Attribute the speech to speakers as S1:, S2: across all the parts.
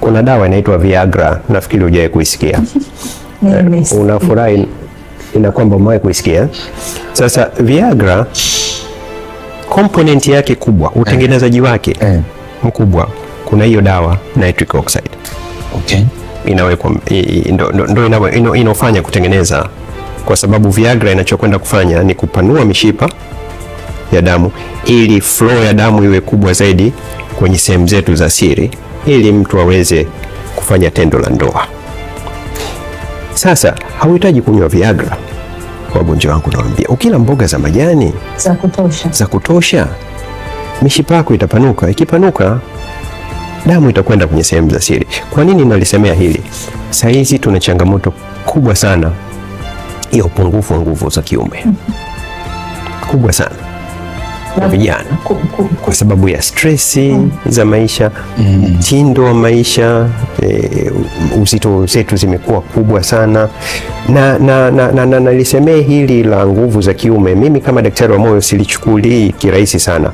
S1: kuna dawa inaitwa Viagra, nafikiri hujawahi kuisikia. eh, unafurahi ina kwamba umewahi kuisikia. Sasa Viagra komponenti yake kubwa, utengenezaji wake eh. Eh. mkubwa, kuna hiyo dawa nitric oxide. Okay. Inawekwa ndo inaofanya kutengeneza, kwa sababu Viagra inachokwenda kufanya ni kupanua mishipa ya damu ili flow ya damu iwe kubwa zaidi kwenye sehemu zetu za siri ili mtu aweze kufanya tendo la ndoa. Sasa hauhitaji kunywa Viagra, wagonjwa wangu nawambia ukila mboga za majani
S2: za kutosha,
S1: za kutosha mishipa yako itapanuka. Ikipanuka damu itakwenda kwenye sehemu za siri. Kwa nini nalisemea hili? Saizi tuna changamoto kubwa sana ya upungufu wa nguvu za kiume, kubwa sana kwa vijana kwa sababu ya stresi mm. za maisha mm. mtindo mm. wa maisha e, uzito zetu zimekuwa kubwa sana na na na, na, nalisemee hili la nguvu za kiume. Mimi kama daktari wa moyo silichukulii kirahisi sana,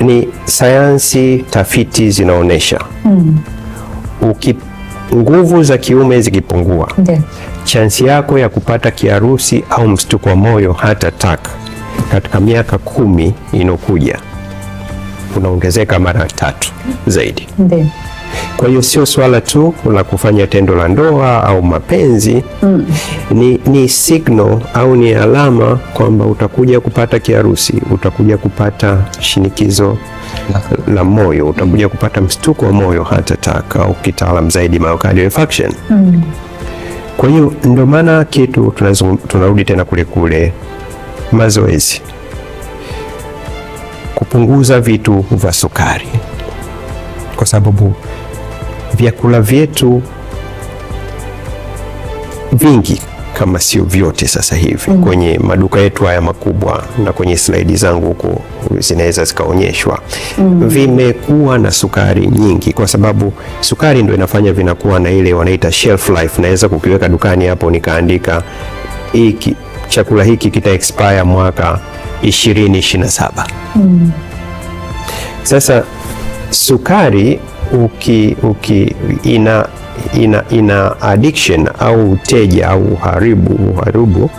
S1: ni sayansi, tafiti zinaonyesha mm. uki nguvu za kiume zikipungua, chansi yako ya kupata kiharusi au mshtuko wa moyo hata tak katika miaka kumi inokuja unaongezeka mara tatu zaidi. Kwa hiyo sio swala tu la kufanya tendo la ndoa au mapenzi mm. Ni, ni signal au ni alama kwamba utakuja kupata kiharusi, utakuja kupata shinikizo la, moyo, utakuja kupata mshtuko wa moyo, hata taka au kitaalam zaidi myocardial infarction mm. Kwa hiyo ndio maana kitu tunarudi tena kule kule mazoezi, kupunguza vitu vya sukari, kwa sababu vyakula vyetu vingi kama sio vyote sasa hivi mm. kwenye maduka yetu haya makubwa na kwenye slaidi zangu huko zinaweza zikaonyeshwa mm. vimekuwa na sukari nyingi, kwa sababu sukari ndio inafanya vinakuwa na ile wanaita shelf life. Naweza kukiweka dukani hapo nikaandika hiki chakula hiki kita expire mwaka 2027. Mm. Sasa sukari uki, uki, ina, ina, ina addiction au uteja au uharibu uharibu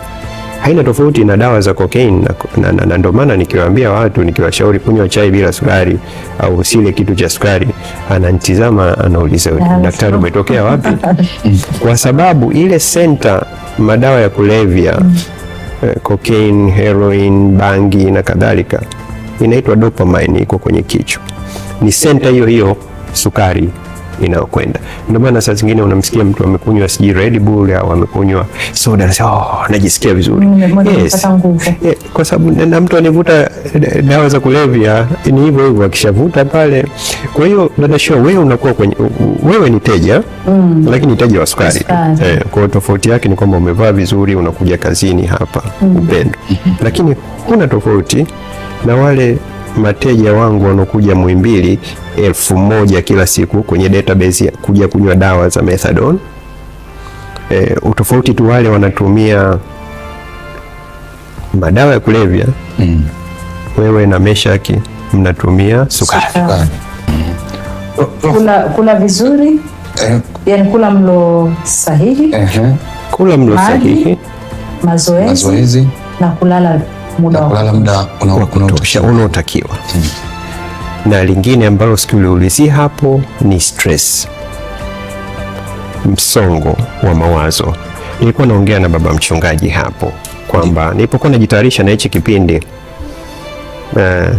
S1: haina tofauti na dawa za cocaine na, na, na ndio maana nikiwaambia watu nikiwashauri kunywa chai bila sukari au usile kitu cha sukari, ananitizama anauliza, daktari, umetokea wapi? Kwa sababu ile senta madawa ya kulevya mm. Eh, cocaine, heroin, bangi na kadhalika, inaitwa dopamine, iko kwenye kichwa, ni senta hiyo hiyo sukari inayokwenda. Ndio maana saa zingine unamsikia mtu amekunywa sijui Red Bull au amekunywa soda anasema oh, najisikia vizuri.
S2: Mm, yes. Yeah,
S1: kwa sababu na mtu anivuta dawa za kulevya ni hivyo hivyo akishavuta pale. Kwa hiyo dada Shua, wewe unakuwa kwenye wewe ni teja mm, lakini teja wa sukari. Eh, kwa tofauti yake ni kwamba umevaa vizuri unakuja kazini hapa mm, upendo. Mm-hmm. Lakini kuna tofauti na wale mateja wangu wanaokuja Muhimbili elfu moja kila siku kwenye database kuja kunywa dawa za methadone. E, utofauti tu wale wanatumia madawa ya kulevya mm. Wewe na Meshaki mnatumia sukari. Mm.
S2: Kula, kula vizuri eh. Yani kula mlo sahihi eh,
S1: kula mlo sahihi,
S2: mazoezi, mazoezi na kulala muda
S1: wa muda wa unaotakiwa. Hmm. Na lingine ambalo sikuliulizia hapo ni stress, msongo wa mawazo. Nilikuwa naongea na baba mchungaji hapo kwamba nilipokuwa najitayarisha na hichi kipindi uh,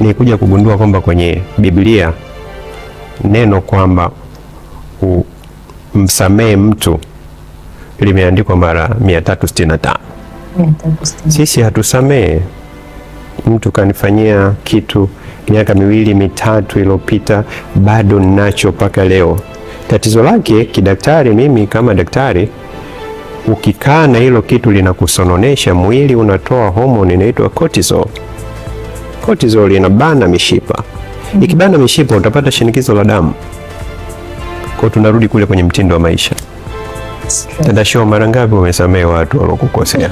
S1: nilikuja kugundua kwamba kwenye Biblia neno kwamba msamehe mtu limeandikwa mara 365. Sisi hatusamehe. Mtu kanifanyia kitu miaka miwili mitatu iliyopita, bado ninacho mpaka leo. Tatizo lake kidaktari, mimi kama daktari, ukikaa na hilo kitu linakusononesha mwili, unatoa homoni inaitwa cortisol. Cortisol inabana mishipa, hmm. ikibana mishipa utapata shinikizo la damu, kwa tunarudi kule kwenye mtindo wa maisha. Dada Show, mara ngapi umesamehe watu walokukosea?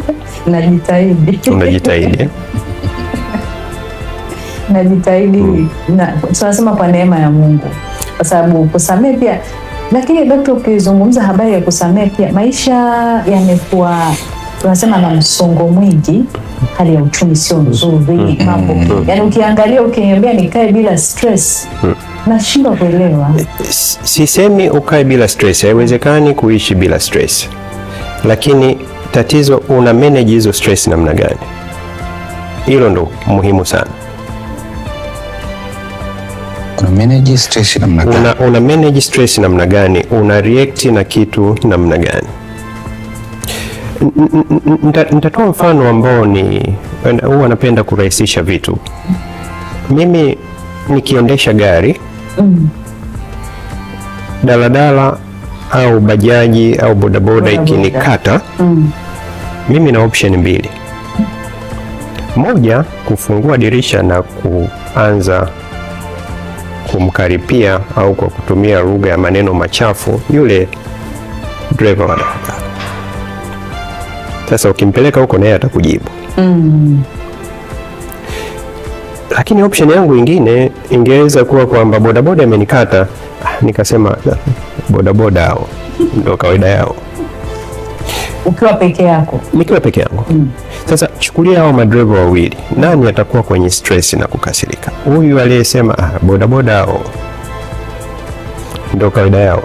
S2: Najitahidi.
S1: Unajitahidi?
S2: Najitahidi hmm. Na tunasema kwa neema ya Mungu, kwa sababu kusamehe pia, lakini dokta, ukizungumza habari ya kusamehe pia, maisha yamekuwa tunasema na msongo mwingi, hali ya uchumi sio nzuri, hmm. mambo hmm. yani ukiangalia, ukiniambia nikae bila stress mm nashindwa kuelewa.
S1: Sisemi ukae bila stress, haiwezekani kuishi bila stress, lakini tatizo una manage hizo stress namna gani? Hilo ndo muhimu sana. Una manage stress namna gani? Una, una manage stress namna gani? Una react na kitu namna gani? Nitatoa mfano ambao ni huwa napenda kurahisisha vitu. Mimi nikiendesha gari daladala au bajaji au bodaboda ikinikata, mm. mimi na option mbili, moja kufungua dirisha na kuanza kumkaripia au kwa kutumia lugha ya maneno machafu yule dereva wa daladala. Sasa ukimpeleka huko naye atakujibu mm. Lakini option yangu ingine ingeweza kuwa kwamba bodaboda amenikata, ah, nikasema bodaboda hao ndo kawaida yao.
S2: Ukiwa peke yako,
S1: nikiwa peke yangu mm. Sasa chukulia hao madereva wawili, nani atakuwa kwenye stress na kukasirika? Huyu aliyesema ah, bodaboda hao ndo kawaida yao.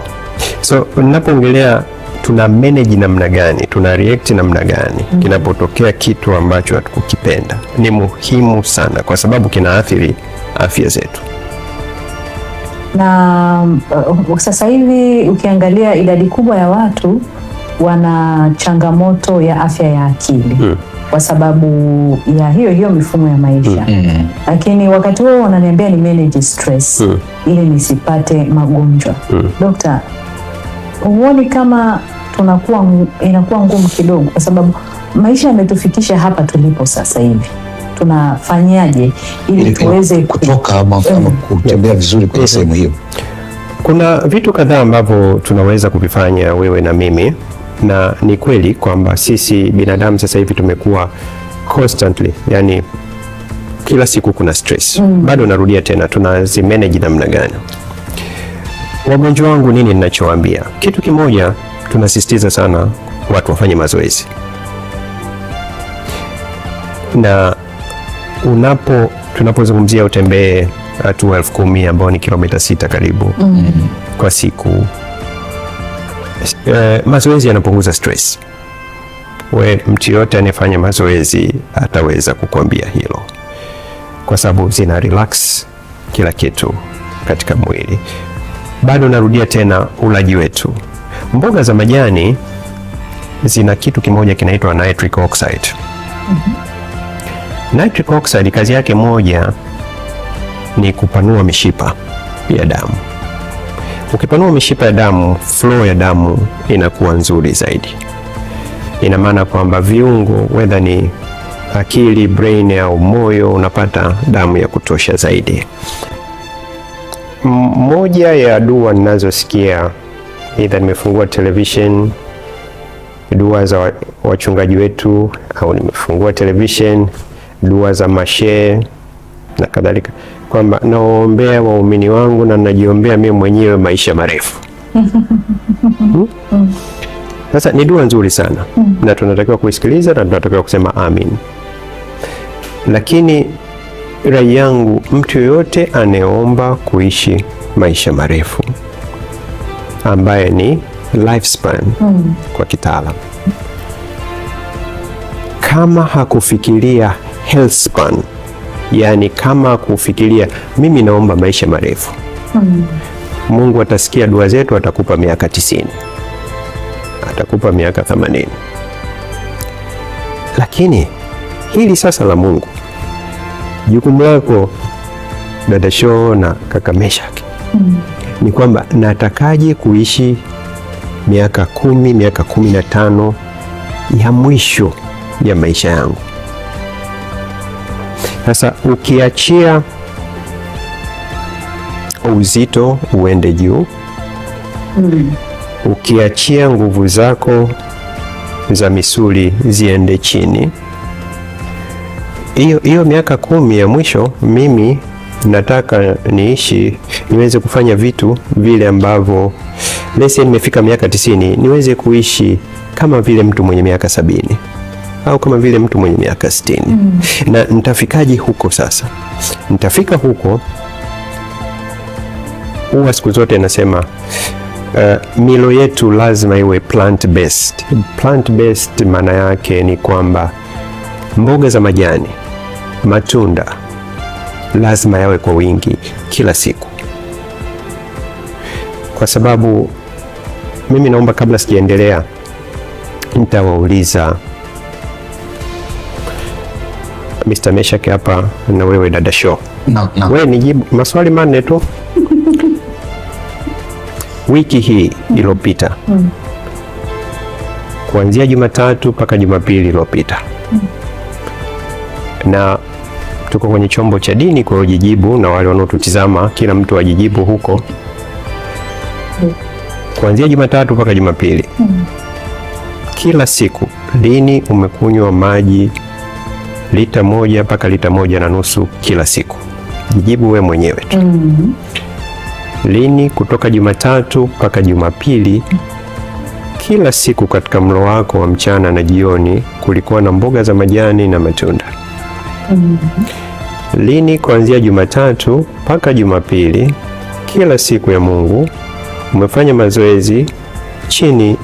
S1: So ninapoongelea tuna manage namna gani, tuna react namna gani mm. kinapotokea kitu ambacho hatukukipenda ni muhimu sana, kwa sababu kinaathiri afya zetu.
S2: Na uh, sasa hivi ukiangalia idadi kubwa ya watu wana changamoto ya afya ya akili mm kwa sababu ya hiyo hiyo mifumo ya maisha mm -hmm. Lakini wakati huo wananiambia ni manage stress mm -hmm. ili nisipate magonjwa mm -hmm. Dokta, huoni kama tunakuwa inakuwa ngumu kidogo, kwa sababu maisha yametufikisha hapa tulipo sasa hivi. Tunafanyaje ili tuweze
S1: kutoka eh. ama kutembea vizuri kwenye mhm. sehemu hiyo? Kuna vitu kadhaa ambavyo tunaweza kuvifanya wewe na mimi, na ni kweli kwamba sisi binadamu sasa hivi tumekuwa constantly, yani kila siku kuna stress mm. Bado narudia tena, tunazimanage namna gani? Wagonjwa wangu, nini ninachowaambia? Kitu kimoja tunasisitiza sana watu wafanye mazoezi, na unapo tunapozungumzia utembee hatua uh, elfu kumi ambao ni kilomita sita karibu mm. kwa siku e, mazoezi yanapunguza stress. We, mtu yoyote anayefanya mazoezi ataweza kukwambia hilo, kwa sababu zina relax kila kitu katika mwili. Bado narudia tena, ulaji wetu Mboga za majani zina kitu kimoja kinaitwa nitric oxide. Mm-hmm. Nitric oxide kazi yake moja ni kupanua mishipa ya damu. Ukipanua mishipa ya damu, flow ya damu inakuwa nzuri zaidi. Ina maana kwamba viungo, whether ni akili, brain au moyo, unapata damu ya kutosha zaidi. Moja ya dua ninazosikia Idha nimefungua television dua za wachungaji wetu, au nimefungua television dua za mashehe na kadhalika, kwamba nawaombea waumini wangu na najiombea mimi mwenyewe maisha marefu. Hmm? Sasa hmm? ni dua nzuri sana hmm. na tunatakiwa kuisikiliza na tunatakiwa kusema amin, lakini rai yangu mtu yoyote anayeomba kuishi maisha marefu ambaye ni lifespan mm. kwa kitaalam. Kama hakufikiria healthspan, yani kama kufikiria mimi naomba maisha marefu mm. Mungu atasikia dua zetu, atakupa miaka tisini, atakupa miaka themanini. Lakini hili sasa la Mungu, jukumu lako dada Shoo na kaka Meshaki mm ni kwamba natakaje kuishi miaka kumi, miaka kumi na tano ya mwisho ya maisha yangu. Sasa ukiachia uzito uende juu, mm. Ukiachia nguvu zako za misuli ziende chini, hiyo hiyo miaka kumi ya mwisho mimi nataka niishi niweze kufanya vitu vile ambavyo lese nimefika miaka tisini, niweze kuishi kama vile mtu mwenye miaka sabini au kama vile mtu mwenye miaka sitini. Mm. Na nitafikaje huko sasa? Nitafika huko, huwa siku zote nasema Uh, milo yetu lazima iwe plant based. Plant based maana yake ni kwamba mboga za majani, matunda, lazima yawe kwa wingi kila siku, kwa sababu mimi naomba, kabla sijaendelea, nitawauliza Mr. Meshak hapa na wewe dada show no, no. Wewe nijibu maswali manne tu wiki hii iliyopita mm. kuanzia Jumatatu mpaka Jumapili iliyopita mm. na tuko kwenye chombo cha dini, kwa hiyo jijibu, na wale wanaotutizama kila mtu ajijibu huko kuanzia Jumatatu mpaka Jumapili Kila siku lini umekunywa maji lita moja mpaka lita moja na nusu kila siku? Jijibu we mwenyewe tu Lini kutoka Jumatatu mpaka Jumapili kila siku katika mlo wako wa mchana na jioni kulikuwa na mboga za majani na matunda? Mm-hmm. Lini? Kuanzia Jumatatu mpaka Jumapili, kila siku ya Mungu umefanya mazoezi chini,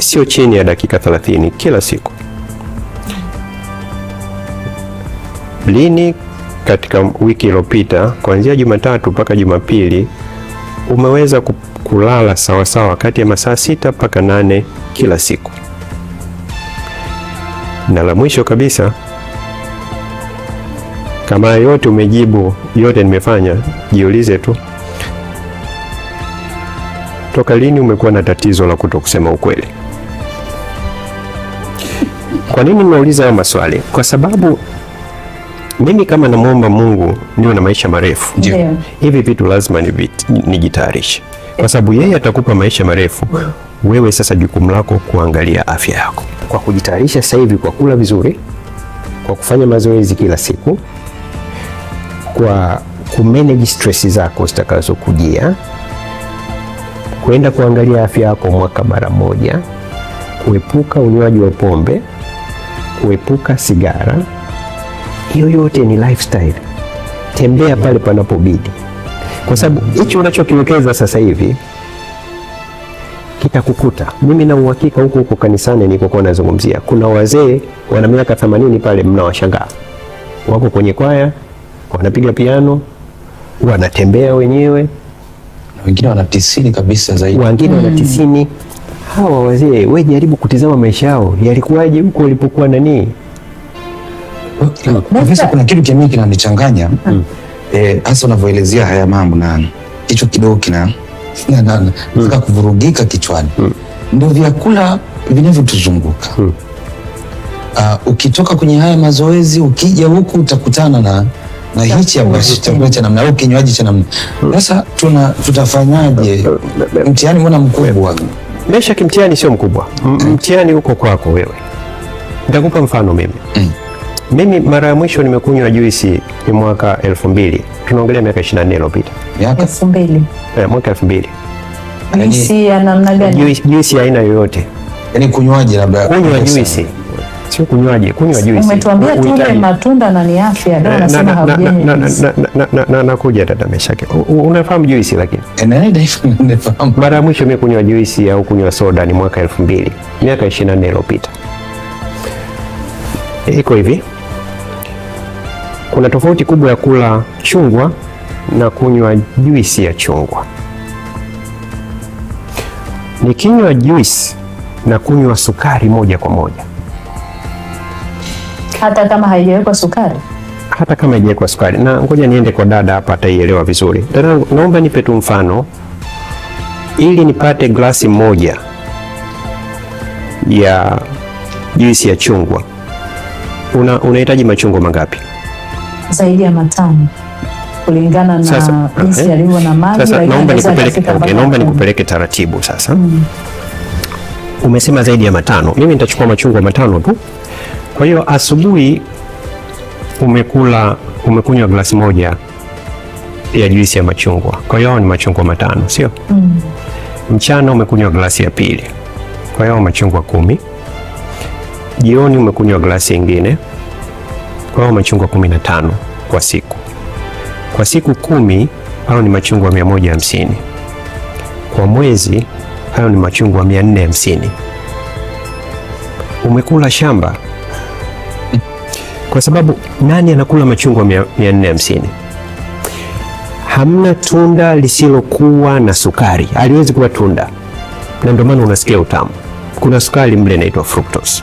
S1: sio chini ya dakika 30 kila siku. Lini? Katika wiki iliyopita, kuanzia Jumatatu mpaka Jumapili umeweza kulala sawasawa sawa, kati ya masaa sita mpaka nane kila siku. Na la mwisho kabisa kama yote umejibu yote nimefanya, jiulize tu, toka lini umekuwa na tatizo la kuto kusema ukweli? Kwa nini nauliza hayo maswali? Kwa sababu mimi kama namwomba Mungu niwe na maisha marefu, hivi vitu lazima nijitayarishe, kwa sababu yeye atakupa maisha marefu. Wewe sasa jukumu lako kuangalia afya yako, kwa kujitayarisha sasa hivi, kwa kula vizuri, kwa kufanya mazoezi kila siku kwa kumanage stress zako zitakazokujia, kwenda kuangalia afya yako mwaka mara moja, kuepuka unywaji wa pombe, kuepuka sigara. Hiyo yote ni lifestyle. Tembea pale panapobidi, kwa sababu hichi unachokiwekeza sasa hivi kitakukuta. Mimi na uhakika huko huko kanisani nikokuwa nazungumzia, kuna wazee wana miaka 80 pale, mnawashangaa wako kwenye kwaya wanapiga piano, wanatembea wenyewe, na wengine wana tisini kabisa zaidi, wengine wana mm. tisini. Hawa wazee, we jaribu kutizama maisha yao yalikuwaje huko walipokuwa nani. Profesa, kuna kitu kingine kinanichanganya mm. eh, hasa unavyoelezea haya mambo, na kichwa kidogo kina nataka mm. kuvurugika kichwani, ndio vyakula vinavyotuzunguka. Ah, ukitoka kwenye haya mazoezi, ukija huku utakutana na na hichi chakula cha namna au kinywaji cha namna. Sasa tuna tutafanyaje? Mtihani mbona mkubwa? Mesha kimtihani sio mkubwa, mm. mtihani uko kwako wewe. Nitakupa mfano mimi mm. Mimi mara ya mwisho nimekunywa juisi ni mwaka elfu mbili, tunaongelea miaka 24 iliyopita,
S2: elfu mbili
S1: eh, mwaka elfu mbili.
S2: Yaani juisi ya namna
S1: gani? Juisi ya aina yoyote, yani kunywaji labda, kunywa juisi sio kunywaje, kunywa juisi.
S2: Umetuambia tule matunda na ni afya, ndio
S1: unasema haujeni. Na nakuja dada Meshake, unafahamu juisi lakini? Eh, Mara ya mwisho mimi kunywa juisi au kunywa soda ni mwaka 2000 miaka 24 iliyopita. Eh, iko hivi, kuna tofauti kubwa ya kula chungwa na kunywa juisi ya chungwa. Nikinywa juisi na kunywa sukari moja kwa moja
S2: hata kama haijawekwa sukari
S1: hata kama haijawekwa sukari. Na ngoja niende kwa dada hapa, ataielewa vizuri. Dada, naomba nipe tu mfano ili nipate glasi moja ya juisi ya chungwa una, unahitaji machungwa mangapi?
S2: Zaidi ya matano kulingana na sasa, jinsi eh? yalivyo na maji. Sasa
S1: naomba nikupeleke, okay, naomba nikupeleke taratibu sasa. Mm. Umesema zaidi ya matano, mimi nitachukua machungwa matano tu kwa hiyo asubuhi umekula umekunywa glasi moja ya juisi ya machungwa, kwa hiyo ni machungwa matano, sio? Mm. Mchana umekunywa glasi ya pili, kwa hiyo machungwa kumi. Jioni umekunywa glasi nyingine, kwa hiyo machungwa kumi na tano kwa siku. Kwa siku kumi hayo ni machungwa mia moja hamsini. Kwa mwezi hayo ni machungwa mia nne hamsini. Umekula shamba kwa sababu nani anakula machungwa 450? Hamna tunda lisilokuwa na sukari, haliwezi kuwa tunda, na ndio maana unasikia utamu. Kuna sukari mle inaitwa fructose,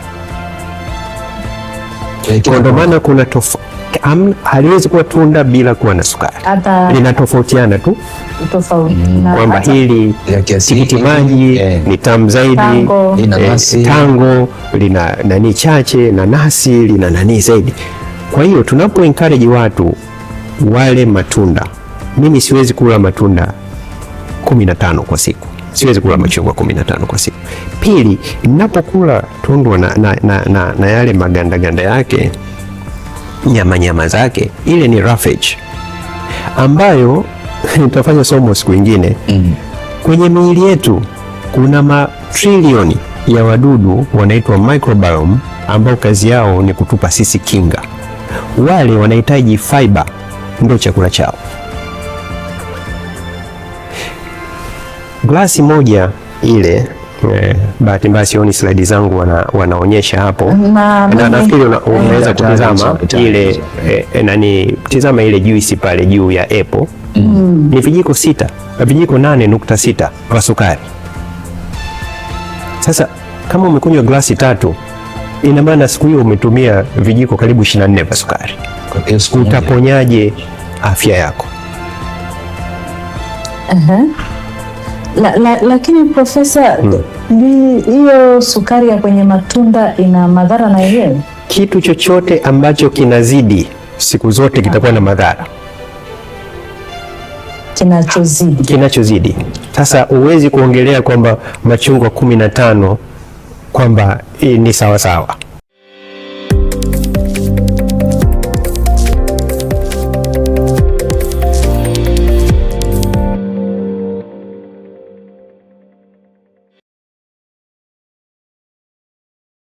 S1: ndio maana kuna tofauti haliwezi kuwa tunda bila kuwa na sukari, linatofautiana tu mm, kwamba hili tikiti maji eh. ni tamu zaidi tango, eh, tango lina nani chache na nasi lina nani zaidi. Kwa hiyo tunapo encourage watu wale matunda, mimi siwezi kula matunda 15 kwa siku siwezi kula machungwa 15 kwa siku. Pili, ninapokula tundwa na, na, na, na, na yale magandaganda yake nyamanyama zake, ile ni roughage ambayo tutafanya somo siku nyingine. Mm. Kwenye miili yetu kuna matrilioni ya wadudu wanaitwa microbiome ambao kazi yao ni kutupa sisi kinga. Wale wanahitaji fiber, ndio chakula chao. Glasi moja ile Eh, bahati mbaya sioni slide zangu wana, wanaonyesha hapo na, na nafikiri unaweza kutazama ile E, nani tizama ile juisi pale juu ya apple mm. Ni vijiko sita vijiko nane nukta sita vya sukari. Sasa kama umekunywa glasi tatu, ina maana siku hiyo umetumia vijiko karibu 24 vya sukari. Utaponyaje afya yako?
S2: uh -huh la, la, lakini profesa, hmm. hiyo hmm, sukari ya kwenye matunda ina madhara na yenyewe.
S1: Kitu chochote ambacho kinazidi siku zote kitakuwa na madhara
S2: kinachozidi
S1: kinachozidi. Sasa huwezi kuongelea kwamba machungwa kumi na tano kwamba eh, ni sawasawa